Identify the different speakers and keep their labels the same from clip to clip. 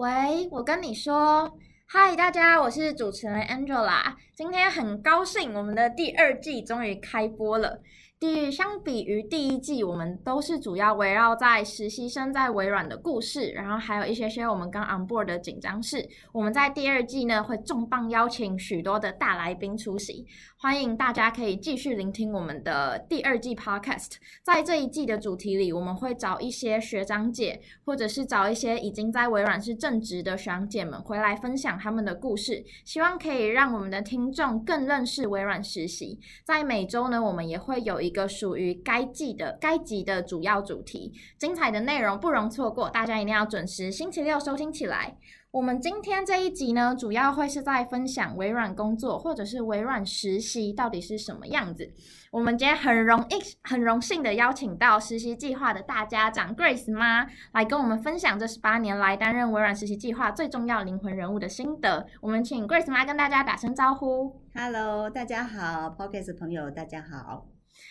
Speaker 1: 喂，我跟你說，嗨，大家，我是主持人 Angela。今天很高興，我們的第二季終於開播了。第一，相比於第一季，我們都是主要圍繞在實習生在微軟的故事，然後還有一些些我們剛 on board 的緊張事。我們在第二季呢，會重磅邀請許多的大來賓出席。歡迎大家可以繼續聆聽我們的第二季 Podcast。在這一季的主題裡，我們會找一些學長姐，或者是找一些已經在微軟是正職的學長姐們回來分享他們的故事，希望可以讓我們的聽眾更認識微軟實習。在每週呢，我們也會有一個屬於該季的、該集的主要主題，精彩的內容不容錯過，大家一定要準時，星期六收聽起來。我們今天這一集呢，主要會是在分享微軟工作或者是微軟實習到底是什麼樣子。我們今天很榮幸、很榮幸的邀請到實習計劃的大家長 Grace 媽來跟我們分享這十八年來擔任微軟實習計劃最重要靈魂人物的心得。我們請 Grace 媽跟大家打聲招呼。Hello，大家好，Podcast 朋友，大家好。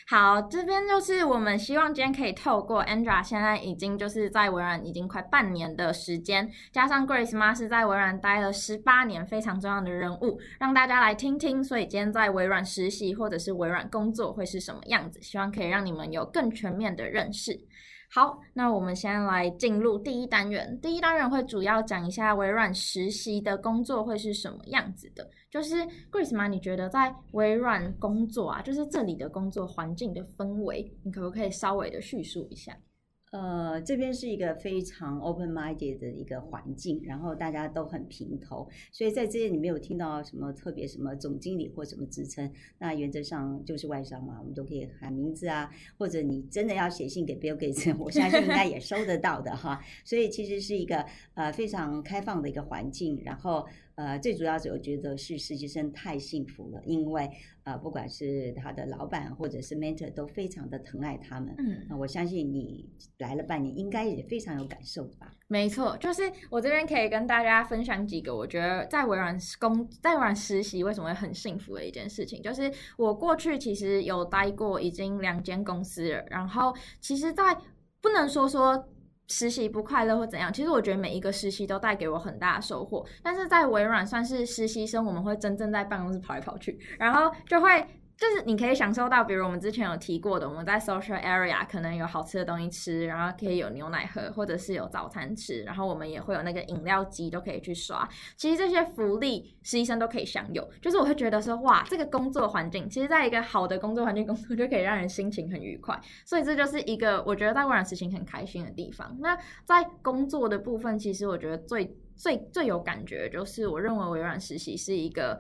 Speaker 1: 好，這邊就是我們希望今天可以透過 a n d r a 現在已經就是在微軟已經快半年的時間，加上 Grace 媽是在微軟待了十八年，非常重要的人物，讓大家來聽聽，所以今天在微軟實習或者是微軟工作會是什麼樣子，希望可以讓你們有更全面的認識。好，那我們先來進入第一單元。第一單元會主要講一下微軟實習的工作會是什麼樣子的。就是 Grace 嘛，你覺得在微軟工作啊，就是這裡的工作環境的氛圍，你可不可以稍微的敘述一下？
Speaker 2: 呃，這邊是一個非常 open-minded 的一個環境，然後大家都很平頭，所以在這裡你沒有聽到什麼特別什麼總經理或什麼職稱，那原則上就是外商嘛，我們都可以喊名字啊，或者你真的要寫信給 Bill Gates，我相信應該也收得到的哈， 所以其實是一個呃非常開放的一個環境，然後。呃，最主要是我覺得是實習生太幸福了，因為呃，不管是他的老板或者是 mentor 都非常的疼愛他們。嗯，呃，我相信
Speaker 1: 你來了半年，應該也非常有感受吧？沒錯，就是我這邊可以跟大家分享幾個，我覺得在微軟工在微軟實習為什麼會很幸福的一件事情，就是我過去其實有待過已經兩間公司了，然後其實在，在不能說說。實習不快樂或怎樣，其實我覺得每一個實習都帶給我很大的收穫。但是在微軟算是實習生，我們會真正在辦公室跑來跑去，然後就會。就是你可以享受到，比如我們之前有提過的，我們在 social area 可能有好吃的東西吃，然後可以有牛奶喝，或者是有早餐吃，然後我們也會有那個飲料機都可以去刷。其實這些福利實習生都可以享有。就是我會覺得說，哇，這個工作環境，其實在一個好的工作環境工作就可以讓人心情很愉快。所以這就是一個我覺得在微軟實習很開心的地方。那在工作的部分，其實我覺得最最最有感覺就是，我認為微軟實習是一個。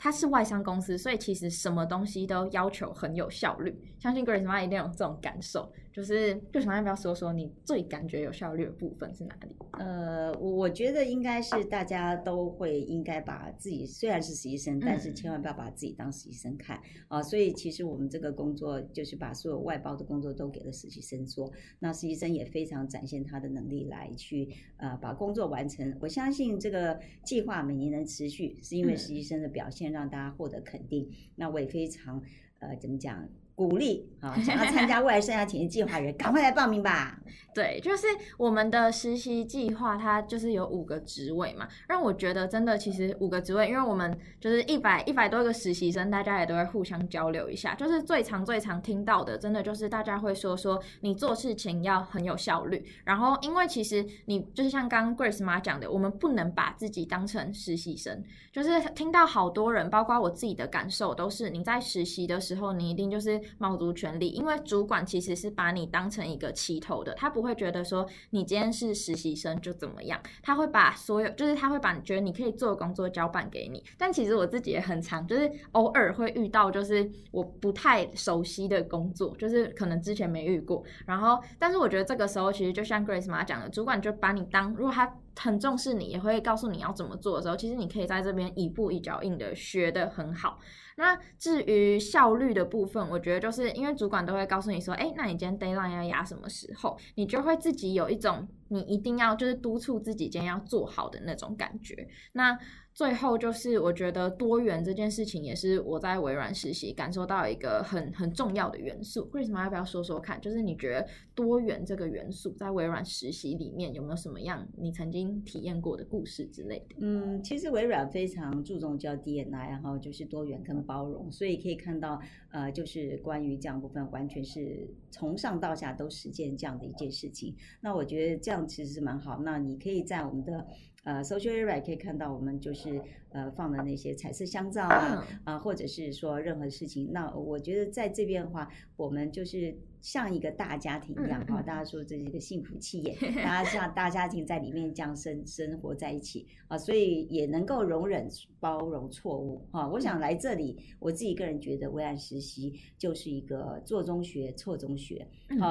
Speaker 1: 他是外商公司，所以其實什麼東西都要求很有效率。相信 Grace 媽一定有這種感受。就是，就想要不要說說你最感覺有效率的部分是哪裡？呃，我我覺得應該
Speaker 2: 是大家都會應該把自己、啊、雖然是實習生，但是千萬不要把自己當實習生看啊、嗯呃。所以其實我們這個工作就是把所有外包的工作都給了實習生做，那實習生也非常展現他的能力來去呃把工作完成。我相信這個計劃每年能持續，是因為實習生的表現讓大家獲得肯定。嗯、那我也非常呃怎麼講？鼓勵啊！想要參加未來生涯體驗計劃員，趕 快來
Speaker 1: 報名吧。對，就是我們的實習計劃，它就是有五個職位嘛。讓我覺得真的，其實五個職位，因為我們就是一百一百多個實習生，大家也都會互相交流一下。就是最常最常聽到的，真的就是大家會說說你做事情要很有效率。然後，因為其實你就是像剛剛 Grace 媽講的，我們不能把自己當成實習生。就是聽到好多人，包括我自己的感受，都是你在實習的時候，你一定就是。卯足全力，因為主管其實是把你當成一個齊頭的，他不會覺得說你今天是實習生就怎麼樣，他會把所有就是他會把你覺得你可以做的工作交辦給你。但其實我自己也很常，就是偶爾會遇到就是我不太熟悉的工作，就是可能之前沒遇過。然後，但是我覺得這個時候其實就像 Grace 媽講的，主管就把你當，如果他很重視你，也會告訴你要怎麼做的時候，其實你可以在這邊一步一腳印的學得很好。那至於效率的部分，我覺得就是因為主管都會告訴你說，哎，那你今天 deadline 要壓什麼時候，你就會自己有一種。你一定要就是督促自己今天要做好的那種感覺。那最後就是我覺得多元這件事情也是我在微軟實習感受到一個很很重要的元素。Grace Ma 要不要說說看？就是你覺得多元這個元素在微軟實習裡面有沒有什麼樣你曾經體驗過的故事之類的？嗯，其實微軟非常注重叫 D&I，然後就是多元跟包容，所
Speaker 2: 以可以看到。呃，就是關於這樣部分，完全是從上到下都實踐這樣的一件事情。那我覺得這樣其實是蠻好。那你可以在我們的呃 Social Area 可以看到我們就是呃放的那些彩色香皂啊，啊或者是說任何事情。那我覺得在這邊的話，我們就是，像一個大家庭一樣，大家說這是一個幸福企業，大家像大家庭在裡面這樣生生活在一起啊，所以也能夠容忍包容錯誤哈。我想來這裡，我自己個人覺得，微軟實習就是一個做中學、錯中學，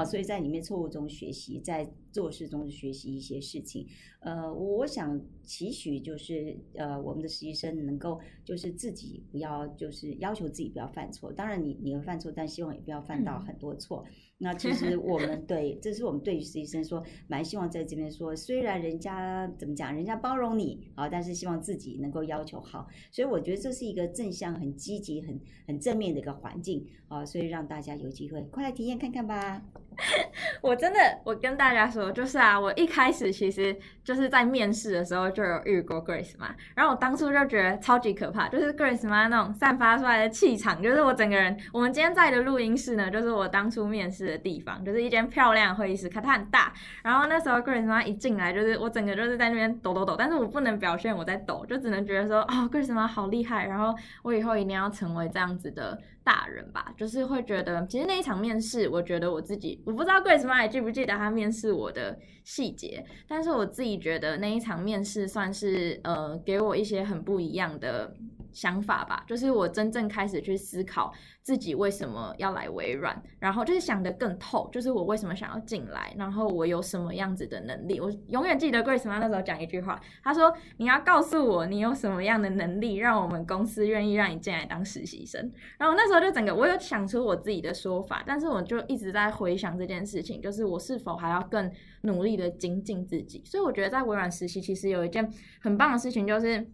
Speaker 2: 所以在裡面錯誤中學習，在做事中學習一些事情。呃，我想期許就是呃，我們的實習生能夠就是自己不要就是要求自己不要犯錯，當然你你會犯錯，但希望也不要犯到很多錯。 那其實我們對，這是我們對於實習生說，蠻希望在這邊說，雖然人家怎麼講，人家包容你，啊、哦，但是希望自己能夠要求好，所以我覺得這是一個正向很、很積極、很很
Speaker 1: 正面的一個環境，啊、哦，所以讓大家有機會，
Speaker 2: 快來體驗看看吧。
Speaker 1: 我真的，我跟大家說，就是啊，我一開始其實就是在面試的時候就有遇過 Grace 嘛，然後我當初就覺得超級可怕，就是 Grace 嘛那種散發出來的氣場，就是我整個人，我們今天在的錄音室呢，就是我當初面試。的地方就是一間漂亮會議室，看它很大。然後那時候，Grace 媽一進來，就是我整個就是在那邊抖抖抖，但是我不能表現我在抖，就只能覺得說，哦，Grace 媽好厲害。然後我以後一定要成為這樣子的大人吧，就是會覺得，其實那一場面試，我覺得我自己，我不知道 Grace 媽還記不記得她面試我的細節，但是我自己覺得那一場面試算是，呃，給我一些很不一樣的。想法吧，就是我真正開始去思考自己為什麼要來微軟，然後就是想得更透，就是我為什麼想要進來，然後我有什麼樣子的能力。我永遠記得 Grace 馬那時候講一句話，他說：“你要告訴我你有什麼樣的能力，讓我們公司願意讓你進來當實習生。”然後那時候就整個我有想出我自己的說法，但是我就一直在回想這件事情，就是我是否還要更努力的精進自己。所以我覺得在微軟實習其實有一件很棒的事情，就是。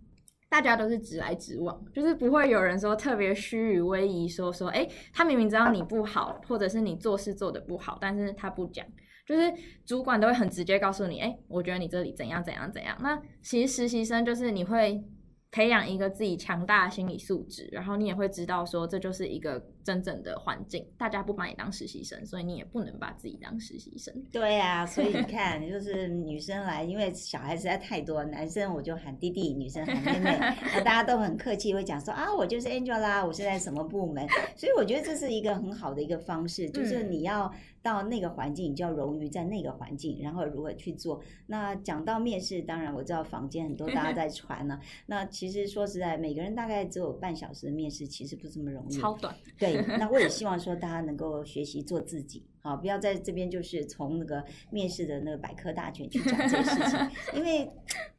Speaker 1: 大家都是直來直往，就是不會有人說特別虛與委蛇，說說哎、欸，他明明知道你不好，或者是你做事做得不好，但是他不講，就是主管都會很直接告訴你，哎、欸，我覺得你這裡怎樣怎樣怎樣。那其實實習生就是你會培養一個自己強大的心理素質，然後你也會知道說這就是一個。真正的環境，大家不把你當實習生，所以你也不能把自己當實習生。
Speaker 2: 對呀、啊，所以你看，就是女生來， 因為小孩實在太多，男生我就喊弟弟，女生喊妹妹， 大家都很客氣，會講說啊，我就是 Angela，我是在什麼部門。 所以我覺得這是一個很好的一個方式，就是你要到那個環境，你就要融於在那個環境，然後如何去做。那講到面試，當然我知道坊間很多大家在傳了、啊， 那其實說實在，每個人大概只有半小時的面試，其實不這麼容易。超短，對。 那我也希望說大家能夠學習做自己，好，不要在這邊就是從那個面試的那個百科大全去講這事情， 因為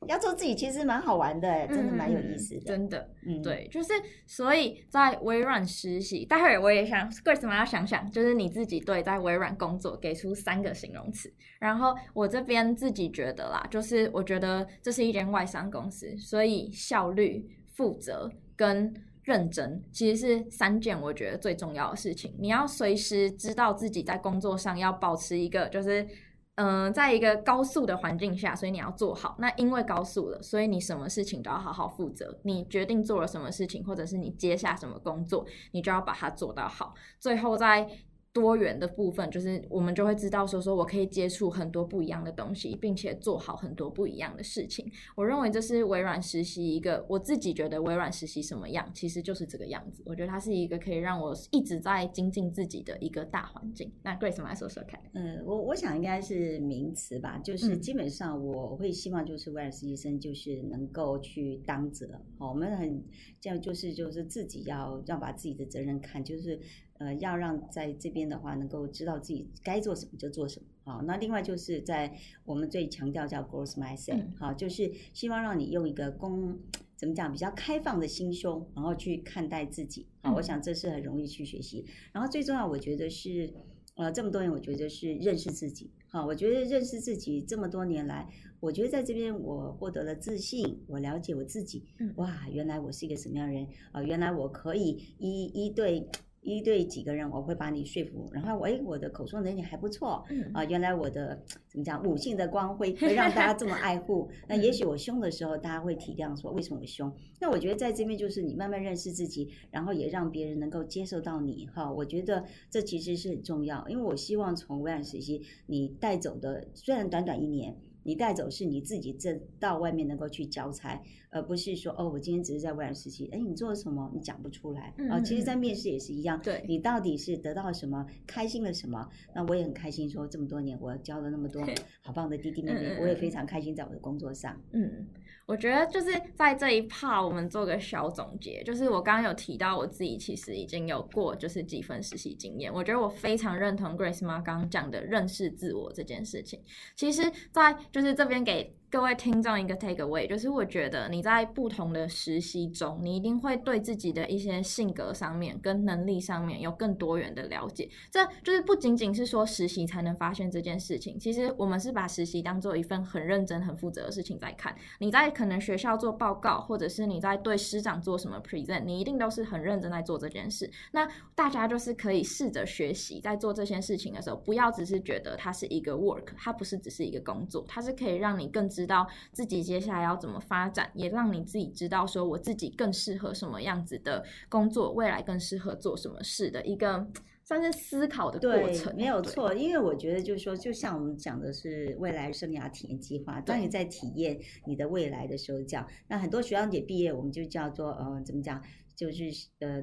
Speaker 2: 要做自己其實
Speaker 1: 蠻好玩的，真的蠻有意思的，嗯、真的、嗯，對，就是所以在微軟實習，待會兒我也想 Grace，要想想，就是你自己對在微軟工作給出三個形容詞，然後我這邊自己覺得啦，就是我覺得這是一間外商公司，所以效率、負責跟。認真其實是三件，我覺得最重要的事情。你要隨時知道自己在工作上要保持一個，就是嗯、呃，在一個高速的環境下，所以你要做好。那因為高速了，所以你什麼事情都要好好負責。你決定做了什麼事情，或者是你接下什麼工作，你就要把它做到好。最後在。多元的部分，就是我們就會知道，說說我可以接觸很多不一樣的東西，並且做好很多不一樣的事情。我認為這是微軟實習一個，我自己覺得微軟實習什麼樣，其實就是這個樣子。我覺得它是一個可以讓我一直在精進自己的一個大環境。那 Grace，我來說說看。嗯，我我想應該是名詞吧，
Speaker 2: 就是基本上我會希望就是微軟實習生就是能夠去當責，我們很這樣就是就是自己要要把自己的責任看就是。呃，要讓在這邊的話，能夠知道自己該做什麼就做什麼。好，那另外就是在我們最強調叫 “growth mindset”，好，就是希望讓你用一個公，怎麼講，比較開放的心胸，然後去看待自己啊。我想這是很容易去學習。嗯、然後最重要，我覺得是，呃，這麼多年，我覺得是認識自己。好，我覺得認識自己這麼多年來，我覺得在這邊我獲得了自信，我了解我自己。嗯、哇，原來我是一個什麼樣的人啊、呃？原來我可以一一對。一對幾個人，我會把你說服，然後我，哎，我的口說能力還不錯，啊、嗯，原來我的怎麼講，母性的光輝會，會讓大家這麼愛護。 那也許我兇的時候，大家會體諒說為什麼我兇。那我覺得在這邊就是你慢慢認識自己，然後也讓別人能夠接受到你哈。我覺得這其實是很重要，因為我希望從微軟實習你帶走的，雖然短短一年。你帶走是你自己這到外面能夠去交差，而不是說哦，我今天只是在外面實習，哎、欸，你做了什麼？你講不出來。啊、嗯嗯，其實，在面試也是一樣對，你到底是得到了什麼，開心了什麼？那我也很開心，說這麼多年我
Speaker 1: 教了那麼多好棒的弟弟妹妹，嗯嗯嗯，我也非常開心，在我的工作上。嗯。我覺得就是在這一趴，我們做個小總結。就是我剛剛有提到，我自己其實已經有過就是幾份實習經驗。我覺得我非常認同 Grace Ma 剛剛講的認識自我這件事情。其實，在就是這邊給，各位聽眾一個 take away，就是我覺得你在不同的實習中，你一定會對自己的一些性格上面跟能力上面有更多元的了解。這就是不僅僅是說實習才能發現這件事情。其實我們是把實習當做一份很認真、很負責的事情在看。你在可能學校做報告，或者是你在對師長做什麼 present，你一定都是很認真在做這件事。那大家就是可以試着學習，在做這件事情的時候，不要只是覺得它是一個 work，它不是只是一個工作，它是可以讓你更知道自己接下來要怎麼發展，也讓你自己知道說我自己更適合什麼樣子的工作，未來更適合做什麼事的一個算是思考的過程，對對。沒有錯，因為我覺得就是說，就
Speaker 2: 像我們講的是未來生涯體驗計劃，當你在體驗你的未來的時候，講那很多學長姐畢業，我們就叫做呃，怎麼講，就是呃。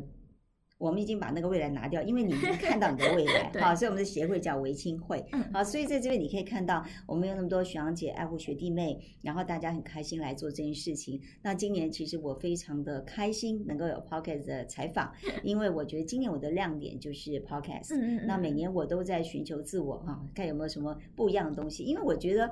Speaker 2: 我們已經把那個未來拿掉，因為你已經看到你的未來，好、 哦，所以我們的協會叫微青會，嗯，好，所以在這邊你可以看到我們有那麼多學長姐愛護學弟妹，然後大家很開心來做這件事情。那今年其實我非常的開心能夠有 podcast 的採訪，因為我覺得今年我的亮點就是 podcast，嗯嗯。那每年我都在尋求自我哈，哦，看有沒有什麼不一樣的東西，因為我覺得。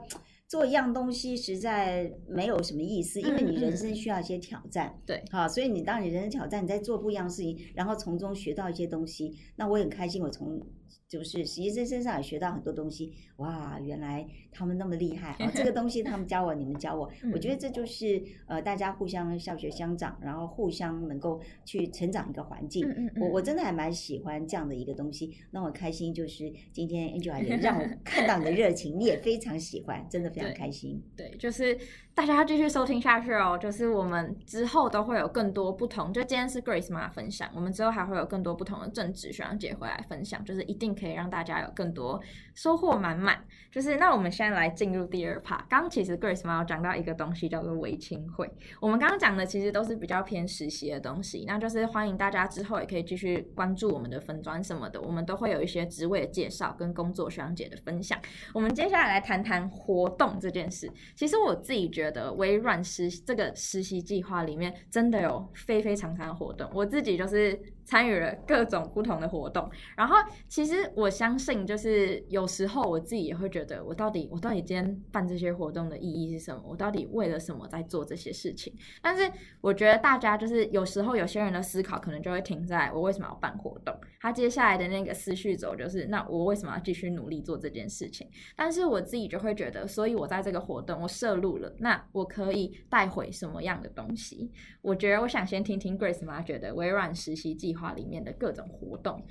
Speaker 2: 做一樣東西實在沒有什麼意思，因為你人生需要一些挑戰。嗯嗯、對，好、啊，所以你當你人生挑戰，你在做不一樣的事情，然後從中學到一些東西。那我很開心，我從就是實習生身上也學到很多東西。哇，原來他們那麼厲害，哦、這個東西他們教我， 你們教我，我覺得這就是呃大家互相教學相長，然後互相能夠去成長一個環境。嗯我我真的還蠻喜歡這樣的一個東西，那我開心就是今天 Angela 也讓我看到你的
Speaker 1: 熱情， 你也非常喜歡，真的。開心，對，對就是。大家要繼續收聽下去哦，就是我們之後都會有更多不同。就今天是 Grace Ma 分享，我們之後還會有更多不同的正職學長姐回來分享，就是一定可以讓大家有更多收穫滿滿。就是那我們現在來進入第二 part。剛其實 Grace Ma 講到一個東西叫做微青會，我們剛剛講的其實都是比較偏實習的東西，那就是歡迎大家之後也可以繼續關注我們的粉專什麼的，我們都會有一些職位的介紹跟工作學長姐的分享。我們接下來來談談活動這件事。其實我自己覺得。的微軟實這個實習計劃裡面，真的有非非常常的活動，我自己就是。參與了各種不同的活動，然後其實我相信，就是有時候我自己也會覺得，我到底我到底今天辦這些活動的意義是什麼？我到底為了什麼在做這些事情？但是我覺得大家就是有時候有些人的思考可能就會停在我為什麼要辦活動，他接下來的那個思緒走就是那我為什麼要繼續努力做這件事情？但是我自己就會覺得，所以我在這個活動我涉入了，那我可以帶回什麼樣的東西？我覺得我想先聽聽 Grace 媽覺得微軟實習計劃。話裡面的各種活動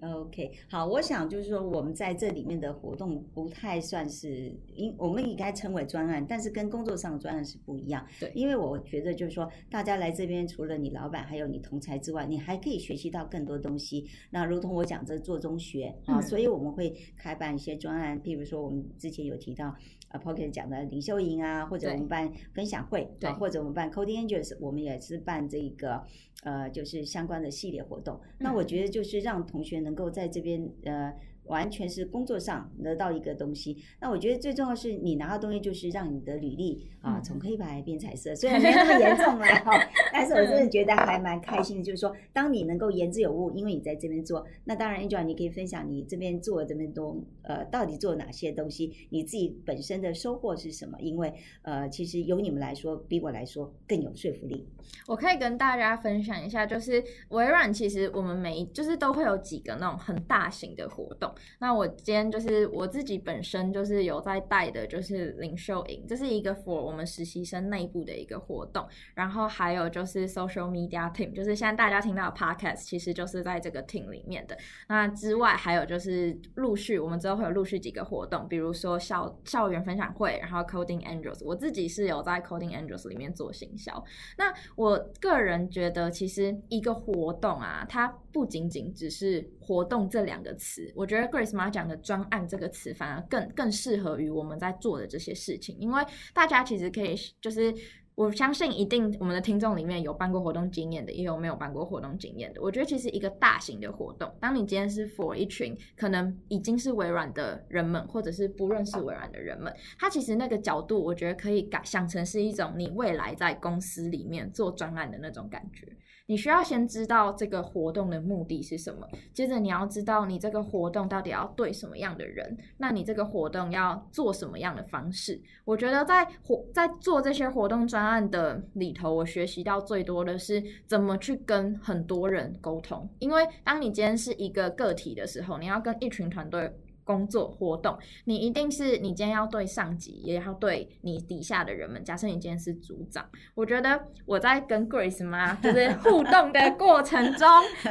Speaker 1: ，OK，好，我想就是說，我們在這裡面的活動不太
Speaker 2: 算是，應我們應該稱為專案，但是跟工作上的專案是不一樣，對，因為我覺得就是說，大家來這邊，除了你老闆還有你同才之外，你還可以學習到更多東西。那如同我講，這做中學、嗯、啊，所以我們會開辦一些專案，譬如說我們之前有提到啊，Pocket 講的領袖營啊，或者我們辦分享會，對，對啊、或者我們辦 Coding Angels，我們也是辦這個。呃，就是相關的系列活動。嗯、那我覺得就是讓同學能夠在這邊，呃，完全是工作上得到一個東西。那我覺得最重要是，你拿到的東西就是讓你的履歷啊，從、呃、黑白變彩色。雖、嗯、然沒那麼嚴重嘛， 但是我真的覺得還蠻開心的，就是說，當你能夠言之有物，因為你在這邊做，那當然 Angela 你可以分享你這邊做這邊都呃，到底做哪些東西，你自己本身的收穫是什麼？因為呃，其實由你們來說，比我來說
Speaker 1: 更有說服力。我可以跟大家分享。講一下，就是微軟其實，我們每就是都會有幾個那種很大型的活動。那我今天就是我自己本身就是有在帶的，就是領袖營，這是一個 for 我們實習生內部的一個活動。然後還有就是 social media team，就是現在大家聽到的 podcast，其實就是在這個 team 裡面的。那之外還有就是陸續，我們之後會有陸續幾個活動，比如說校校園分享會，然後 Coding Angels，我自己是有在 Coding Angels 裡面做行銷。那我個人覺得。其實一個活動啊，它不僅僅只是活動這兩個詞。我覺得 Grace Ma 講的專案這個詞反而更更適合於我們在做的這些事情，因為大家其實可以，就是我相信一定我們的聽眾裡面有辦過活動經驗的，也有沒有辦過活動經驗的。我覺得其實一個大型的活動，當你今天是 for 一群可能已經是微軟的人們，或者是不認識微軟的人們，它其實那個角度，我覺得可以改想成是一種你未來在公司裡面做專案的那種感覺。你需要先知道這個活動的目的是什麼？接着你要知道你這個活動到底要對什麼樣的人，那你這個活動要做什麼樣的方式。我覺得在活在做這些活動專案的裡頭，我學習到最多的是怎麼去跟很多人溝通，因為當你今天是一個個體的時候，你要跟一群團隊。工作活動，你一定是你今天要對上級，也要對你底下的人們。假設你今天是組長，我覺得我在跟 Grace 媽就是互動的過程中，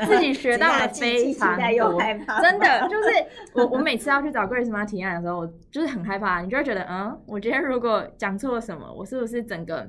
Speaker 1: 自己學到了非常多。真的就是我，我每次要去找 Grace 媽提案的時候，我就是很害怕。你就會覺得，嗯，我今天如果講錯了什麼，我是不是整個？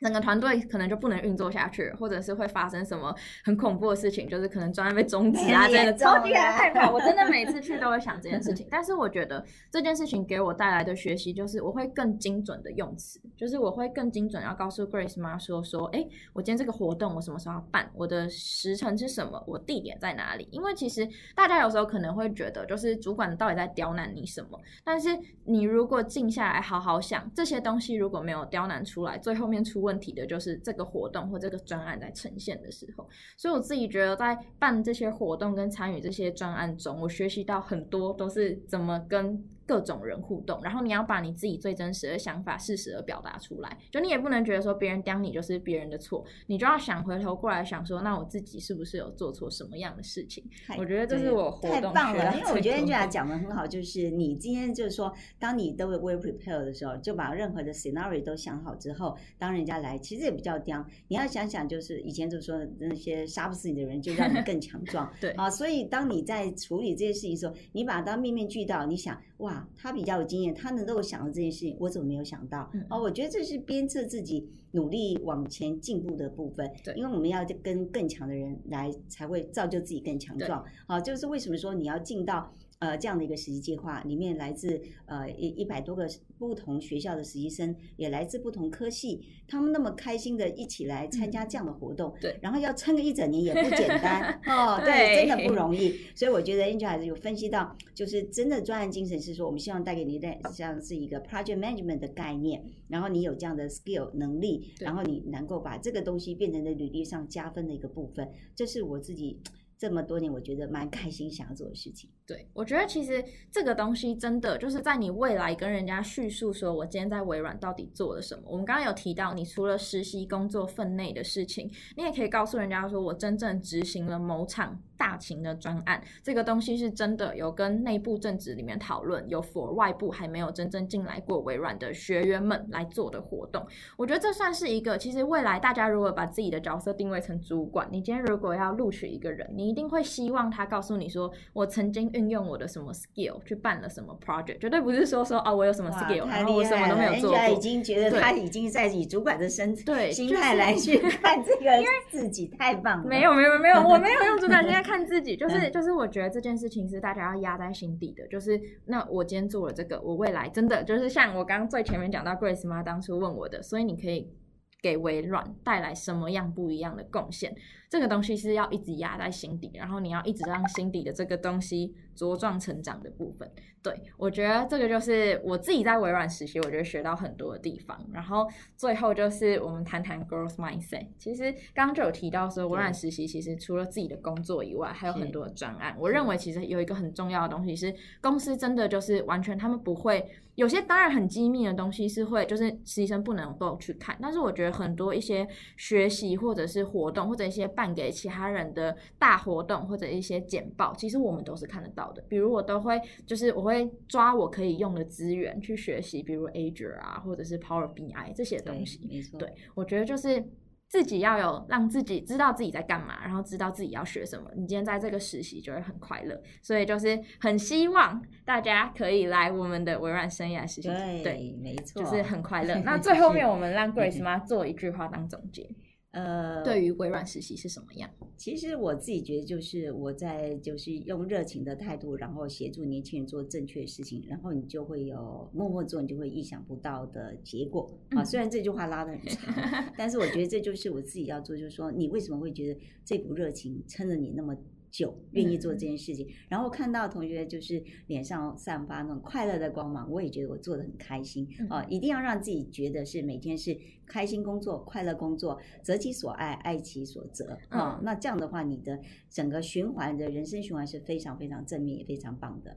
Speaker 1: 整個團隊可能就不能運作下去，或者是會發生什麼很恐怖的事情，就是可能專案被終止啊，真的，的、啊、超級害怕。 我真的每次去都會想這件事情，但是我覺得這件事情給我帶來的學習就是我會更精準的用詞，就是我會更精準要告訴 Grace 媽說說，哎，我今天這個活動我什麼時候要辦，我的時程是什麼，我地點在哪裡？因為其實大家有時候可能會覺得就是主管到底在刁難你什麼，但是你如果靜下來好好想，這些東西如果沒有刁難出來，最後面出問。問題的就是這個活動或這個專案在呈現的時候，所以我自己覺得在辦這些活動跟參與這些專案中，我學習到很多都是怎麼跟。各種人互動，然後你要把你自己最真實的想法、事實而表達出來。就你也不能覺得說別人刁你就是別人的錯，你就要想回頭過來想說，那我自己是不是有做錯什麼樣的事情？我覺得這是我活太棒了，因為我覺得 Angela 講
Speaker 2: 得很好，就是你今天就是說，當你都 well prepared 的時候，就把任何的 scenario 都想好之後，當人家來其實也比較刁，你要想想就是以前就是說那些殺不死你的人就讓你更強壯， 對啊，所以當你在處理這些事情的時候，你把它面面俱到，你想。哇，他比較有經驗，他能夠想到這件事情，我怎麼沒有想到？嗯，哦，我覺得這是鞭策自己努力往前進步的部分。對，因為我們要跟更強的人來，才會造就自己更強壯。好、哦，就是為什麼說你要進到。呃，這樣的一個實習計劃裡面，來自呃一一百多個不同學校的實習生，也來自不同科系，他們那麼開心的一起來參加這樣的活動，嗯，對，然後要撐個一整年也不簡單 哦，對，對，真的不容易。所以我覺得 Angela 有分析到，就是真的專案精神是說，我們希望帶給你帶像是一個 project management 的概念，然後你有這樣的 skill 能力，然後你能夠把這個東西變成在履歷上加分的一個部分，這是我自己這麼多年我覺得蠻開心想要做的事情。對，
Speaker 1: 我覺得其實這個東西真的就是在你未來跟人家敘述說，我今天在微軟到底做了什麼。我們剛剛有提到，你除了實習工作分內的事情，你也可以告訴人家說，我真正執行了某場大型的專案，這個東西是真的有跟內部正職裡面討論，有 for 外部還沒有真正進來過微軟的學員們來做的活動。我覺得這算是一個，其實未來大家如果把自己的角色定位成主管，你今天如果要錄取一個人，你一定會希望他告訴你說，我曾經。用我的什麼 skill 去辦了什麼 project，絕對不是說說哦、啊，我有什麼 skill，然後我什麼都沒有做在、啊、已經覺得他已經在以主管的身對心態來、就是、去看這個，因為自己
Speaker 2: 太棒了。沒有沒有沒有，我沒有用主管現在
Speaker 1: 看自己， 就是就是我覺得這件事情是大家要壓在心底的。就是那我今天做了這個，我未來真的就是像我剛剛最前面講到 Grace 媽當初問我的，所以你可以給微軟帶來什麼樣不一樣的貢獻？這個東西是要一直壓在心底，然後你要一直讓心底的這個東西。茁壯成長的部分，對，我覺得這個就是我自己在微軟實習，我覺得學到很多的地方。然後最後就是我們談談 growth mindset。其實剛剛就有提到說，微軟實習其實除了自己的工作以外，還有很多的專案。我認為其實有一個很重要的東西是，公司真的就是完全他們不會，有些當然很機密的東西是會，就是實習生不能夠去看。但是我覺得很多一些學習或者是活動，或者一些辦給其他人的大活動，或者一些簡報，其實我們都是看得到，嗯。比如我都會，就是我會抓我可以用的資源去學習，比如 Azure 啊，或者是 Power BI 這些東西。對沒錯，對，我覺得就是自己要有讓自己知道自己在幹嘛，然後知道自己要學什麼，你今天在這個實習就會很快樂，所以就是很希望大家可以來我們的微軟生涯實習。對，對沒錯，就是很快樂。 那最後面我們讓 Grace 媽 做一句話當總結。呃，對於微軟實習是什麼樣？
Speaker 2: 其實我自己覺得就是我在就是用熱情的態度，然後協助年輕人做正確的事情，然後你就會有默默做，你就會意想不到的結果，嗯、啊。雖然這句話拉得很長， 但是我覺得這就是我自己要做，就是說你為什麼會覺得這股熱情撐着你那麼？就願意做這件事情，然後看到同學就是臉上散發那種快樂的光芒，我也覺得我做的很開心啊！一定要讓自己覺得是每天是開心工作，快樂工作，擇其所愛，愛其所擇啊！那這樣的話，你的整個循環的人生循環是非常非常正面，也非常棒的。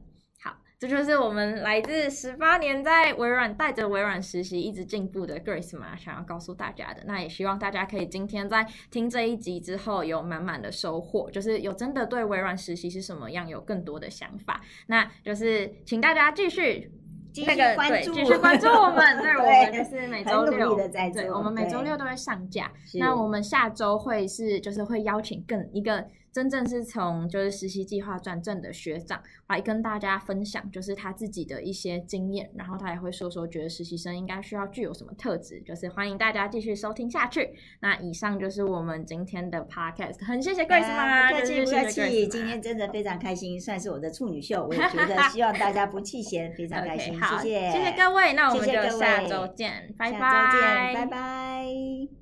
Speaker 1: 這就是我們來自十八年在微軟帶着微軟實習一直進步的 Grace 嘛，想要告訴大家的。那也希望大家可以今天在聽這一集之後有滿滿的收穫，就是有真的對微軟實習是什麼樣有更多的想法。那就是請大家繼續，繼續
Speaker 2: 關注，繼續關注我們。那我們就是每周六，對，我們每周六
Speaker 1: 都會上架。那我們下周會是就是會邀請更一個。真正是從就是實習計劃轉正的學長來跟大家分享，就是他自己的一些經驗，然後他也會說說，覺得實習生應該需要具有什麼特質，就是歡迎大家繼續收聽下去。那以上就是我們今天的 podcast，很謝謝 Grace 媽、啊、很客氣、就是、謝謝，不客氣，今天
Speaker 2: 真的非常開心，算是我的處女秀，我也覺得希望大家
Speaker 1: 不棄嫌， 非常開心，okay, 謝謝，好，謝謝各位，那我們就下周見，拜拜拜拜。